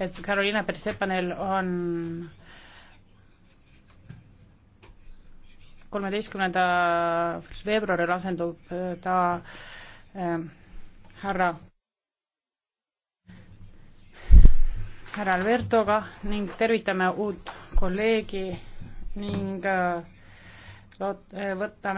et Carolina Persepanel on kolmeteistkümnenda veebruaril asendub äh, ta äh, härra härra Albertoga ning tervitame uut kolleegi ning äh, loot- äh,, võtame